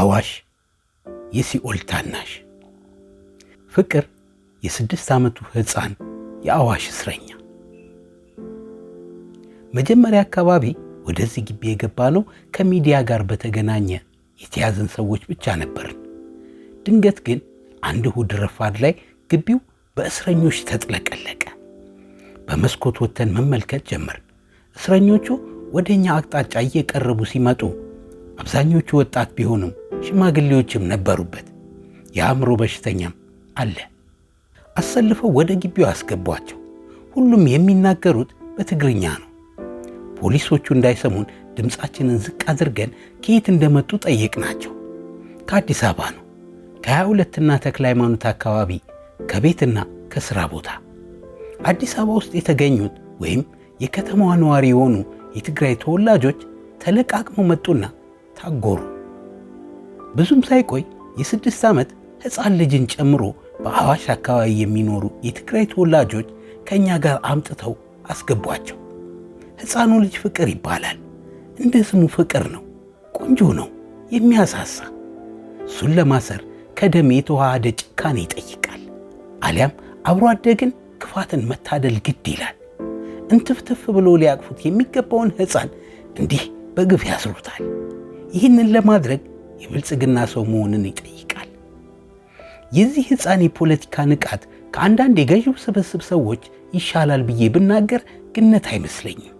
አዋሽ የሲኦል ታናሽ ፍቅር የስድስት ዓመቱ ሕፃን የአዋሽ እስረኛ። መጀመሪያ አካባቢ ወደዚህ ግቢ የገባ ነው ከሚዲያ ጋር በተገናኘ የተያዘን ሰዎች ብቻ ነበርን። ድንገት ግን አንድ እሁድ ረፋድ ላይ ግቢው በእስረኞች ተጥለቀለቀ። በመስኮት ወጥተን መመልከት ጀመርን። እስረኞቹ ወደ እኛ አቅጣጫ እየቀረቡ ሲመጡ አብዛኞቹ ወጣት ቢሆንም ሽማግሌዎችም ነበሩበት። የአእምሮ በሽተኛም አለ። አሰልፈው ወደ ግቢው አስገቧቸው። ሁሉም የሚናገሩት በትግርኛ ነው። ፖሊሶቹ እንዳይሰሙን ድምፃችንን ዝቅ አድርገን ከየት እንደመጡ ጠየቅናቸው። ከአዲስ አበባ ነው፣ ከሀያ ሁለትና ተክለ ሃይማኖት አካባቢ ከቤትና ከሥራ ቦታ። አዲስ አበባ ውስጥ የተገኙት ወይም የከተማዋ ነዋሪ የሆኑ የትግራይ ተወላጆች ተለቃቅመው መጡና ታጎሩ። ብዙም ሳይቆይ የስድስት ዓመት ሕፃን ልጅን ጨምሮ በአዋሽ አካባቢ የሚኖሩ የትግራይ ተወላጆች ከእኛ ጋር አምጥተው አስገቧቸው። ሕፃኑ ልጅ ፍቅር ይባላል። እንደ ስሙ ፍቅር ነው። ቆንጆ ነው፣ የሚያሳሳ። እሱን ለማሰር ከደም የተዋሃደ ጭካኔ ይጠይቃል። አሊያም አብሮ አደግን ክፋትን መታደል ግድ ይላል። እንትፍትፍ ብሎ ሊያቅፉት የሚገባውን ሕፃን እንዲህ በግፍ ያስሩታል። ይህንን ለማድረግ የብልጽግና ሰው መሆንን ይጠይቃል። የዚህ ሕፃን የፖለቲካ ንቃት ከአንዳንድ የገዢው ስብስብ ሰዎች ይሻላል ብዬ ብናገር ግነት አይመስለኝም።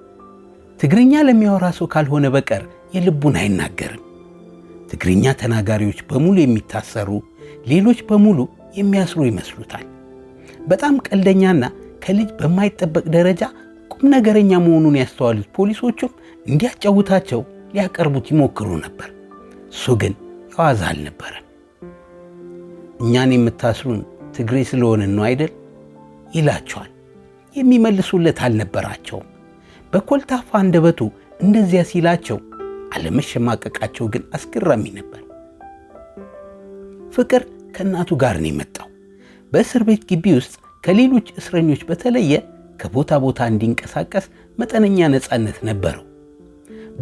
ትግርኛ ለሚያወራ ሰው ካልሆነ በቀር የልቡን አይናገርም። ትግርኛ ተናጋሪዎች በሙሉ የሚታሰሩ፣ ሌሎች በሙሉ የሚያስሩ ይመስሉታል። በጣም ቀልደኛና ከልጅ በማይጠበቅ ደረጃ ቁም ነገረኛ መሆኑን ያስተዋሉት ፖሊሶቹም እንዲያጫውታቸው ሊያቀርቡት ይሞክሩ ነበር። እሱ ግን የዋዛ አልነበረም። እኛን የምታስሩን ትግሬ ስለሆንን ነው አይደል ይላቸዋል። የሚመልሱለት አልነበራቸውም። በኮልታፋ አንደበቱ እንደዚያ ሲላቸው አለመሸማቀቃቸው ግን አስገራሚ ነበር። ፍቅር ከእናቱ ጋር ነው የመጣው። በእስር ቤት ግቢ ውስጥ ከሌሎች እስረኞች በተለየ ከቦታ ቦታ እንዲንቀሳቀስ መጠነኛ ነፃነት ነበረው።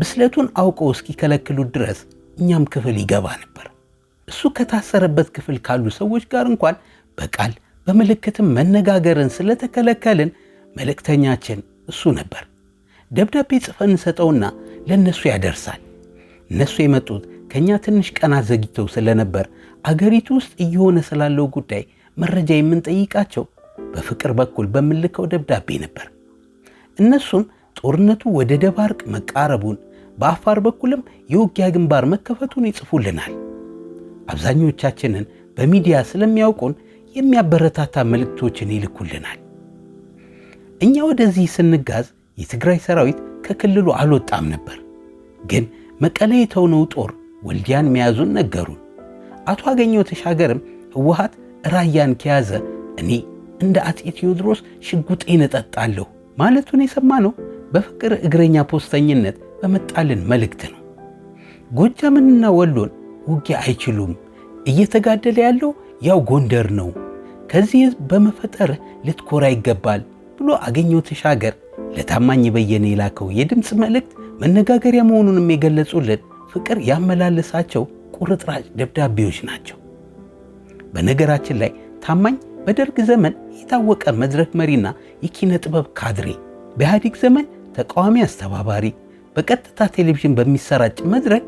ብስለቱን አውቀው እስኪከለክሉት ድረስ እኛም ክፍል ይገባ ነበር። እሱ ከታሰረበት ክፍል ካሉ ሰዎች ጋር እንኳን በቃል በምልክትም መነጋገርን ስለተከለከልን መልእክተኛችን እሱ ነበር። ደብዳቤ ጽፈን እንሰጠውና ለእነሱ ያደርሳል። እነሱ የመጡት ከእኛ ትንሽ ቀናት ዘግይተው ስለነበር አገሪቱ ውስጥ እየሆነ ስላለው ጉዳይ መረጃ የምንጠይቃቸው በፍቅር በኩል በምልከው ደብዳቤ ነበር። እነሱም ጦርነቱ ወደ ደባርቅ መቃረቡን በአፋር በኩልም የውጊያ ግንባር መከፈቱን ይጽፉልናል። አብዛኞቻችንን በሚዲያ ስለሚያውቁን የሚያበረታታ መልእክቶችን ይልኩልናል። እኛ ወደዚህ ስንጋዝ የትግራይ ሰራዊት ከክልሉ አልወጣም ነበር፣ ግን መቀሌ የተውነው ጦር ወልዲያን መያዙን ነገሩን። አቶ አገኘው ተሻገርም ህወሓት ራያን ከያዘ እኔ እንደ አጼ ቴዎድሮስ ሽጉጤ ነጠጣለሁ ማለቱን ነው በፍቅር እግረኛ ፖስተኝነት በመጣልን መልእክት ነው። ጎጃምንና ወሎን ውጊያ አይችሉም። እየተጋደለ ያለው ያው ጎንደር ነው። ከዚህ በመፈጠር ልትኮራ ይገባል ብሎ አገኘው ተሻገር ለታማኝ በየነ የላከው የድምፅ መልእክት መነጋገሪያ መሆኑንም የገለጹልን ፍቅር ያመላለሳቸው ቁርጥራጭ ደብዳቤዎች ናቸው። በነገራችን ላይ ታማኝ በደርግ ዘመን የታወቀ መድረክ መሪና የኪነ ጥበብ ካድሬ፣ በኢህአዲግ ዘመን ተቃዋሚ አስተባባሪ በቀጥታ ቴሌቪዥን በሚሰራጭ መድረክ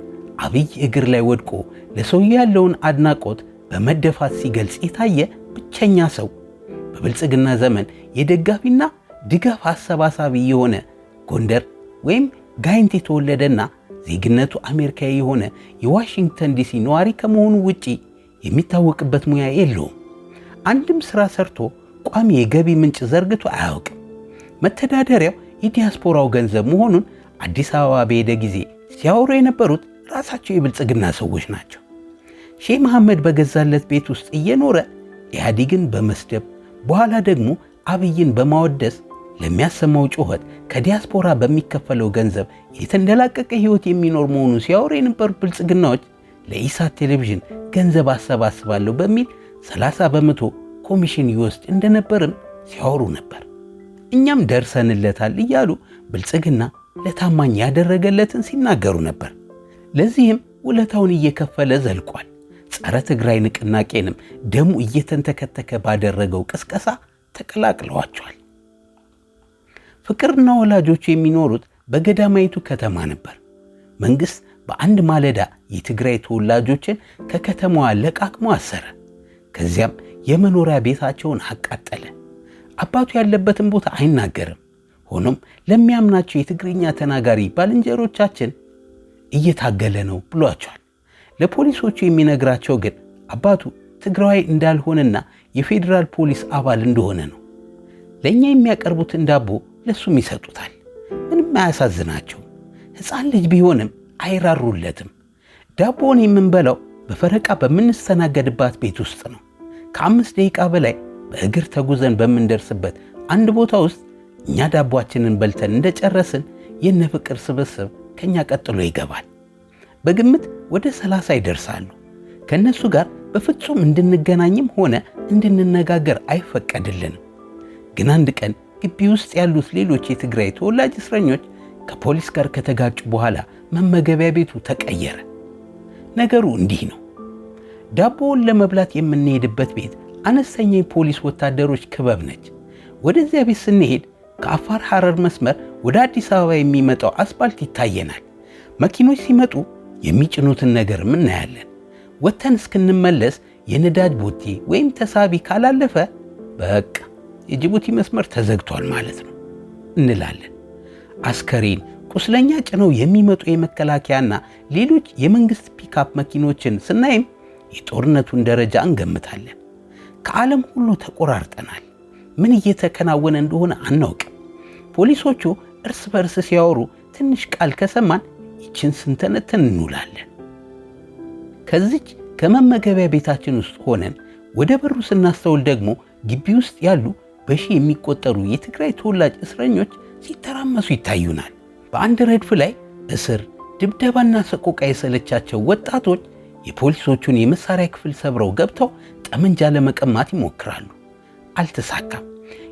አብይ እግር ላይ ወድቆ ለሰውዬው ያለውን አድናቆት በመደፋት ሲገልጽ የታየ ብቸኛ ሰው፣ በብልጽግና ዘመን የደጋፊና ድጋፍ አሰባሳቢ የሆነ ጎንደር ወይም ጋይንት የተወለደና ዜግነቱ አሜሪካዊ የሆነ የዋሽንግተን ዲሲ ነዋሪ ከመሆኑ ውጪ የሚታወቅበት ሙያ የለውም። አንድም ስራ ሰርቶ ቋሚ የገቢ ምንጭ ዘርግቶ አያውቅም። መተዳደሪያው የዲያስፖራው ገንዘብ መሆኑን አዲስ አበባ በሄደ ጊዜ ሲያወሩ የነበሩት ራሳቸው የብልጽግና ሰዎች ናቸው። ሼህ መሐመድ በገዛለት ቤት ውስጥ እየኖረ ኢህአዴግን በመስደብ በኋላ ደግሞ አብይን በማወደስ ለሚያሰማው ጩኸት ከዲያስፖራ በሚከፈለው ገንዘብ የተንደላቀቀ ሕይወት የሚኖር መሆኑን ሲያወሩ የነበሩት ብልጽግናዎች ለኢሳት ቴሌቪዥን ገንዘብ አሰባስባለሁ በሚል 30 በመቶ ኮሚሽን ይወስድ እንደነበርም ሲያወሩ ነበር። እኛም ደርሰንለታል እያሉ ብልጽግና ለታማኝ ያደረገለትን ሲናገሩ ነበር። ለዚህም ውለታውን እየከፈለ ዘልቋል። ጸረ ትግራይ ንቅናቄንም ደሙ እየተንተከተከ ባደረገው ቅስቀሳ ተቀላቅለዋቸዋል። ፍቅርና ወላጆቹ የሚኖሩት በገዳማይቱ ከተማ ነበር። መንግሥት በአንድ ማለዳ የትግራይ ተወላጆችን ከከተማዋ ለቃቅሞ አሰረ። ከዚያም የመኖሪያ ቤታቸውን አቃጠለ። አባቱ ያለበትን ቦታ አይናገርም። ሆኖም ለሚያምናቸው የትግርኛ ተናጋሪ ባልንጀሮቻችን እየታገለ ነው ብሏቸዋል። ለፖሊሶቹ የሚነግራቸው ግን አባቱ ትግራዋይ እንዳልሆነና የፌዴራል ፖሊስ አባል እንደሆነ ነው። ለእኛ የሚያቀርቡትን ዳቦ ለሱም ይሰጡታል። ምንም አያሳዝናቸው። ሕፃን ልጅ ቢሆንም አይራሩለትም። ዳቦውን የምንበላው በፈረቃ በምንስተናገድባት ቤት ውስጥ ነው። ከአምስት ደቂቃ በላይ በእግር ተጉዘን በምንደርስበት አንድ ቦታ ውስጥ እኛ ዳቧችንን በልተን እንደጨረስን የነ ፍቅር ስብስብ ከእኛ ቀጥሎ ይገባል። በግምት ወደ ሰላሳ ይደርሳሉ። ከእነሱ ጋር በፍጹም እንድንገናኝም ሆነ እንድንነጋገር አይፈቀድልንም። ግን አንድ ቀን ግቢ ውስጥ ያሉት ሌሎች የትግራይ ተወላጅ እስረኞች ከፖሊስ ጋር ከተጋጩ በኋላ መመገቢያ ቤቱ ተቀየረ። ነገሩ እንዲህ ነው። ዳቦውን ለመብላት የምንሄድበት ቤት አነስተኛ የፖሊስ ወታደሮች ክበብ ነች። ወደዚያ ቤት ስንሄድ ከአፋር ሐረር መስመር ወደ አዲስ አበባ የሚመጣው አስፓልት ይታየናል። መኪኖች ሲመጡ የሚጭኑትን ነገር እናያለን። ወተን እስክንመለስ የነዳጅ ቦቴ ወይም ተሳቢ ካላለፈ በቃ የጅቡቲ መስመር ተዘግቷል ማለት ነው እንላለን። አስከሬን፣ ቁስለኛ ጭነው የሚመጡ የመከላከያና ሌሎች የመንግሥት ፒካፕ መኪኖችን ስናይም የጦርነቱን ደረጃ እንገምታለን። ከዓለም ሁሉ ተቆራርጠናል። ምን እየተከናወነ እንደሆነ አናውቅም። ፖሊሶቹ እርስ በእርስ ሲያወሩ ትንሽ ቃል ከሰማን ይችን ስንተነተን እንውላለን። ከዚች ከመመገቢያ ቤታችን ውስጥ ሆነን ወደ በሩ ስናስተውል ደግሞ ግቢ ውስጥ ያሉ በሺ የሚቆጠሩ የትግራይ ተወላጅ እስረኞች ሲተራመሱ ይታዩናል። በአንድ ረድፍ ላይ እስር፣ ድብደባና ሰቆቃ የሰለቻቸው ወጣቶች የፖሊሶቹን የመሳሪያ ክፍል ሰብረው ገብተው ጠመንጃ ለመቀማት ይሞክራሉ። አልተሳካም።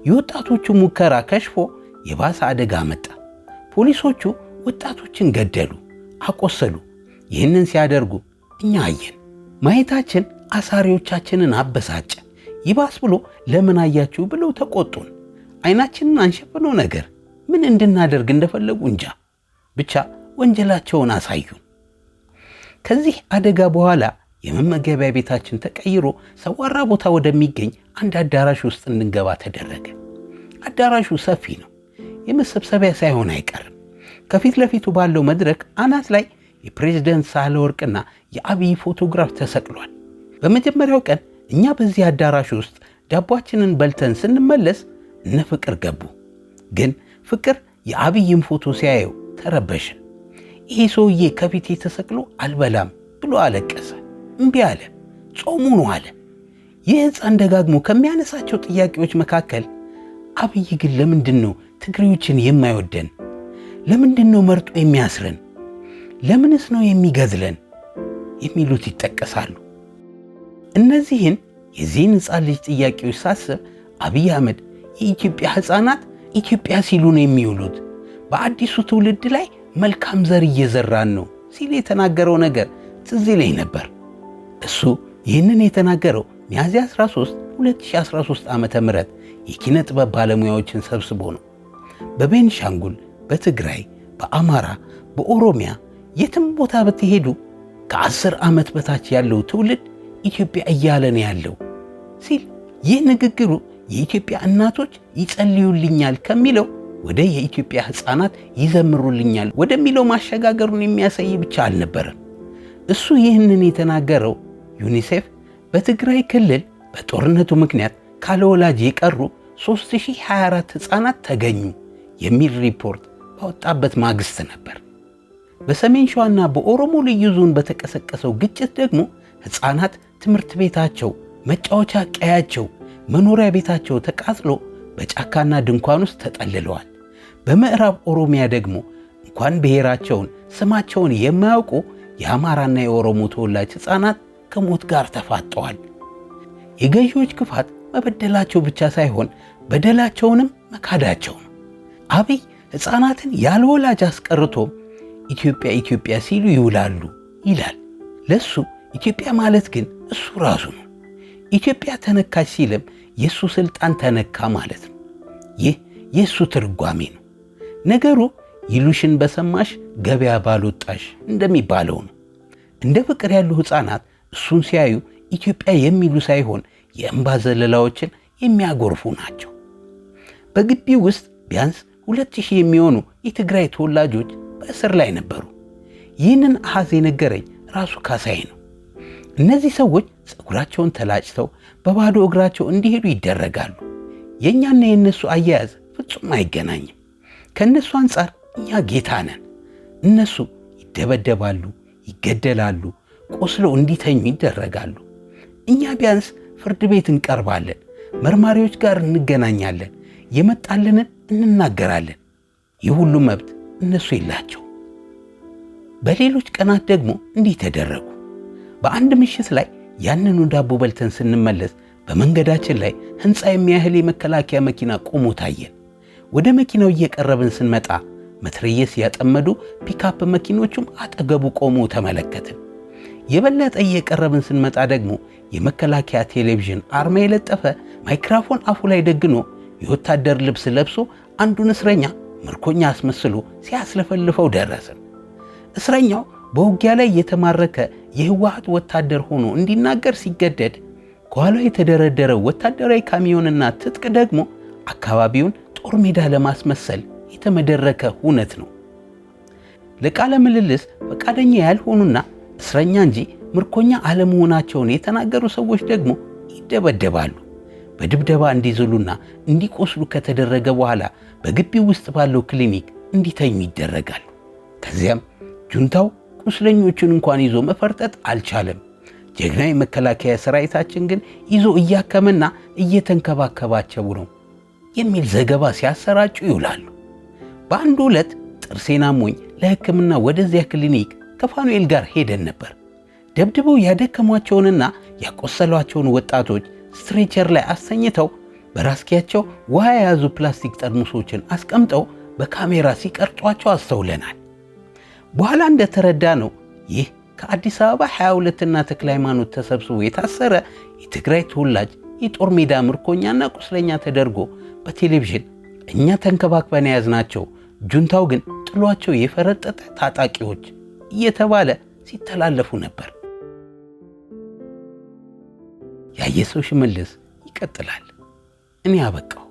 የወጣቶቹ ሙከራ ከሽፎ የባሰ አደጋ መጣ። ፖሊሶቹ ወጣቶችን ገደሉ፣ አቆሰሉ። ይህንን ሲያደርጉ እኛ አየን። ማየታችን አሳሪዎቻችንን አበሳጨ። ይባስ ብሎ ለምን አያችሁ ብለው ተቆጡን። አይናችንን አንሸፍነው ነገር ምን እንድናደርግ እንደፈለጉ እንጃ። ብቻ ወንጀላቸውን አሳዩን። ከዚህ አደጋ በኋላ የመመገቢያ ቤታችን ተቀይሮ ሰዋራ ቦታ ወደሚገኝ አንድ አዳራሽ ውስጥ እንድንገባ ተደረገ። አዳራሹ ሰፊ ነው። የመሰብሰቢያ ሳይሆን አይቀርም። ከፊት ለፊቱ ባለው መድረክ አናት ላይ የፕሬዝደንት ሳህለወርቅና የአብይ ፎቶግራፍ ተሰቅሏል። በመጀመሪያው ቀን እኛ በዚህ አዳራሽ ውስጥ ዳቧችንን በልተን ስንመለስ እነ ፍቅር ገቡ። ግን ፍቅር የአብይም ፎቶ ሲያየው ተረበሸ። ይሄ ሰውዬ ከፊቴ ተሰቅሎ አልበላም ብሎ አለቀሰ። እምቢ አለ። ጾሙ ነው አለ። ይህ ሕፃን ደጋግሞ ከሚያነሳቸው ጥያቄዎች መካከል አብይ ግን ለምንድን ነው ትግሬዎችን የማይወደን? ለምንድን ነው መርጦ የሚያስረን? ለምንስ ነው የሚገድለን? የሚሉት ይጠቀሳሉ። እነዚህን የዚህን ሕፃን ልጅ ጥያቄዎች ሳስብ አብይ አህመድ የኢትዮጵያ ህፃናት ኢትዮጵያ ሲሉ ነው የሚውሉት፣ በአዲሱ ትውልድ ላይ መልካም ዘር እየዘራን ነው ሲል የተናገረው ነገር ትዝ ይለኝ ነበር። እሱ ይህንን የተናገረው ሚያዝያ 13 2013 ዓ ም የኪነ ጥበብ ባለሙያዎችን ሰብስቦ ነው። በቤንሻንጉል፣ በትግራይ፣ በአማራ፣ በኦሮሚያ የትም ቦታ ብትሄዱ ከአስር ዓመት በታች ያለው ትውልድ ኢትዮጵያ እያለ ነው ያለው ሲል ይህ ንግግሩ የኢትዮጵያ እናቶች ይጸልዩልኛል ከሚለው ወደ የኢትዮጵያ ሕፃናት ይዘምሩልኛል ወደሚለው ማሸጋገሩን የሚያሳይ ብቻ አልነበረም። እሱ ይህንን የተናገረው ዩኒሴፍ በትግራይ ክልል በጦርነቱ ምክንያት ካለ ወላጅ የቀሩ 3024 ሕፃናት ተገኙ የሚል ሪፖርት ባወጣበት ማግስት ነበር። በሰሜን ሸዋና በኦሮሞ ልዩ ዞን በተቀሰቀሰው ግጭት ደግሞ ሕፃናት ትምህርት ቤታቸው፣ መጫወቻ ቀያቸው፣ መኖሪያ ቤታቸው ተቃጥሎ በጫካና ድንኳን ውስጥ ተጠልለዋል። በምዕራብ ኦሮሚያ ደግሞ እንኳን ብሔራቸውን ስማቸውን የማያውቁ የአማራና የኦሮሞ ተወላጅ ሕፃናት ከሞት ጋር ተፋጠዋል። የገዢዎች ክፋት መበደላቸው ብቻ ሳይሆን በደላቸውንም መካዳቸው ነው። አብይ ሕፃናትን ያልወላጅ አስቀርቶ አስቀርቶም ኢትዮጵያ ኢትዮጵያ ሲሉ ይውላሉ ይላል። ለሱ ኢትዮጵያ ማለት ግን እሱ ራሱ ነው። ኢትዮጵያ ተነካች ሲልም የእሱ ሥልጣን ተነካ ማለት ነው። ይህ የእሱ ትርጓሜ ነው። ነገሩ ይሉሽን በሰማሽ ገበያ ባልወጣሽ እንደሚባለው ነው። እንደ ፍቅር ያሉ ሕፃናት እሱን ሲያዩ ኢትዮጵያ የሚሉ ሳይሆን የእንባ ዘለላዎችን የሚያጎርፉ ናቸው። በግቢ ውስጥ ቢያንስ ሁለት ሺህ የሚሆኑ የትግራይ ተወላጆች በእስር ላይ ነበሩ። ይህንን አሃዝ የነገረኝ ራሱ ካሳይ ነው። እነዚህ ሰዎች ፀጉራቸውን ተላጭተው በባዶ እግራቸው እንዲሄዱ ይደረጋሉ። የእኛና የእነሱ አያያዝ ፍጹም አይገናኝም። ከእነሱ አንጻር እኛ ጌታ ነን። እነሱ ይደበደባሉ፣ ይገደላሉ፣ ቆስለው እንዲተኙ ይደረጋሉ። እኛ ቢያንስ ፍርድ ቤት እንቀርባለን፣ መርማሪዎች ጋር እንገናኛለን፣ የመጣልንን እንናገራለን። ይህ ሁሉ መብት እነሱ የላቸው። በሌሎች ቀናት ደግሞ እንዲህ ተደረጉ። በአንድ ምሽት ላይ ያንኑ ዳቦ በልተን ስንመለስ በመንገዳችን ላይ ሕንፃ የሚያህል የመከላከያ መኪና ቆሞ ታየን። ወደ መኪናው እየቀረብን ስንመጣ መትረየስ ያጠመዱ ፒካፕ መኪኖቹም አጠገቡ ቆሞ ተመለከትን። የበለጠ እየቀረብን ስንመጣ ደግሞ የመከላከያ ቴሌቪዥን አርማ የለጠፈ ማይክራፎን አፉ ላይ ደግኖ የወታደር ልብስ ለብሶ አንዱን እስረኛ ምርኮኛ አስመስሎ ሲያስለፈልፈው ደረስን። እስረኛው በውጊያ ላይ የተማረከ የህወሀት ወታደር ሆኖ እንዲናገር ሲገደድ ከኋላው የተደረደረው ወታደራዊ ካሚዮንና ትጥቅ ደግሞ አካባቢውን ጦር ሜዳ ለማስመሰል የተመደረከ እውነት ነው። ለቃለ ምልልስ ፈቃደኛ ያልሆኑና እስረኛ እንጂ ምርኮኛ አለመሆናቸውን የተናገሩ ሰዎች ደግሞ ይደበደባሉ። በድብደባ እንዲዝሉና እንዲቆስሉ ከተደረገ በኋላ በግቢው ውስጥ ባለው ክሊኒክ እንዲተኙ ይደረጋል። ከዚያም ጁንታው ቁስለኞቹን እንኳን ይዞ መፈርጠጥ አልቻለም። ጀግና የመከላከያ ሰራዊታችን ግን ይዞ እያከመና እየተንከባከባቸው ነው የሚል ዘገባ ሲያሰራጩ ይውላሉ። በአንድ ዕለት ጥርሴና ሞኝ ለሕክምና ወደዚያ ክሊኒክ ከፋኑኤል ጋር ሄደን ነበር። ደብድበው ያደከሟቸውንና ያቆሰሏቸውን ወጣቶች ስትሬቸር ላይ አሰኝተው በራስጌያቸው ውሃ የያዙ ፕላስቲክ ጠርሙሶችን አስቀምጠው በካሜራ ሲቀርጿቸው አስተውለናል። በኋላ እንደተረዳ ነው ይህ ከአዲስ አበባ 22ና ተክለ ሃይማኖት ተሰብስቦ የታሰረ የትግራይ ተወላጅ የጦር ሜዳ ምርኮኛና ቁስለኛ ተደርጎ በቴሌቪዥን እኛ ተንከባክበን የያዝናቸው ጁንታው ግን ጥሏቸው የፈረጠጠ ታጣቂዎች እየተባለ ሲተላለፉ ነበር። ያየሰው ሽመልስ ይቀጥላል። እኔ አበቃው።